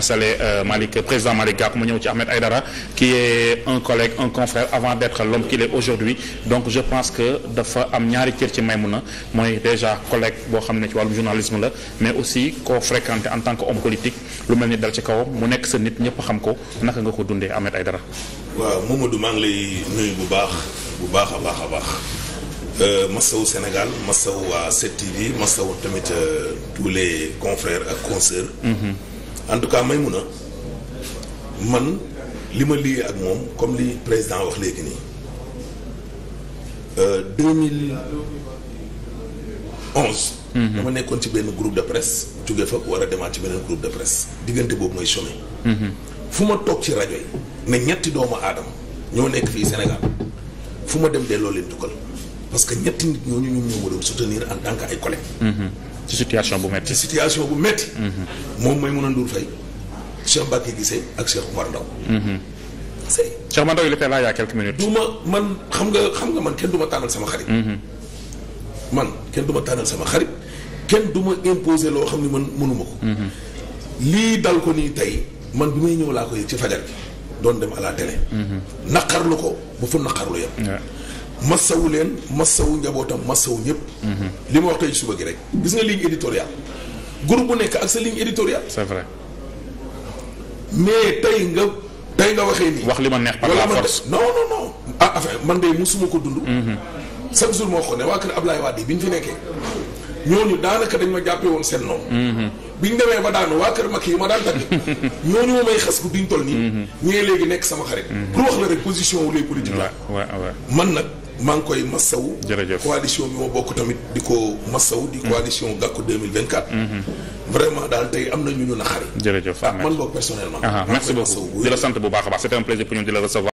installé euh, Malick président Malick Gakou ma ñëw ci Ahmed Aïdara qui est un collègue un confrère avant d'être l'homme qu'il est aujourd'hui donc je pense que dafa am ñaari cër ci na mooy déjà collègue boo xam ne ci wàllum journalisme la mais aussi koo fréquenté en tant que homme politique lu mel ni dal ci kawam mu nekk sa nit ñëpp xam ko naka nga ko dundee Ahmed Aïdara waaw ma maa ngi lay nuyu bu baax bu baax a baax a baax euh, masawu Sénégal masawu waa 7TV masawu tamit euh, tous les confrères ak consoeurs mm-hmm. en tout cas Maimouna man li ma liyee ak moom comme li président wax léegi nii 2011. Euh, mhm. dama nekkoon ci benn groupe de presse jóge fa war a demaat ci beneen groupe de presse diggante boobu mooy chômé. Mhm. fu ma toog ci rajo yi ne ñetti doomu aadama ñoo nekk fii Sénégal fu ma dem delloo leen tukkal. parce que ñetti nit ñooñu ñoom ñoo ma doon soutenir en tant que ay collègues. ci situation bu métti. ci situation bu métti. moom mooy mën a Ndour Faye Cheikh Mbacké Guissé ak Cheikh Omar Ndaw. c'est. Cheikh Omar Ndaw il était là il y a quelques minutes. du man xam nga xam nga man kenn du ma tànnal sama xarit. Mhm. man kenn du ma tànnal sama xarit kenn du ma imposer loo xam ne man mënuma ko. Mhm. lii dal ko nii tey man bi may ñëw laa ko yëg ci fajar bi doon dem à la mhm. naqarlu ko ba masawu leen masawu njabootam masawu ñëpp. Mhm. li ma wax tey suba gi rek. gis nga ligne éditoriale groupe bu nekk ak sa ligne éditoriale. c'est vrai. mais tey nga tey nga waxee nii. wax li ma neex par la force non non ah affaire man de musuma ko dund. Mhm. chaque jour moo ko ne waa kër Ablaye Wade bi ñu fi nekkee. ñooñu daanaka dañ ma jàppee woon seen noonu. Mhm. ñu demee ba daanu waa kër mag yi ma daan tagg. ñooñu ma may xas bu duñ toll nii. ñee léegi nekk sama xarit. pour wax la rek position wu lay politique la. man nag. maa ngi koy massawu jërëjëf coalition bi ma bokk tamit di ko massawu di mm-hmm. coalition gàkku 2024 mm-hmm. vraiment daal tey am na ñu ñu naxari jërëjëf ah man boog personnellement merci beaucoup di la sant bu baax a baax c'était un plaisir pour ñu di la recevoir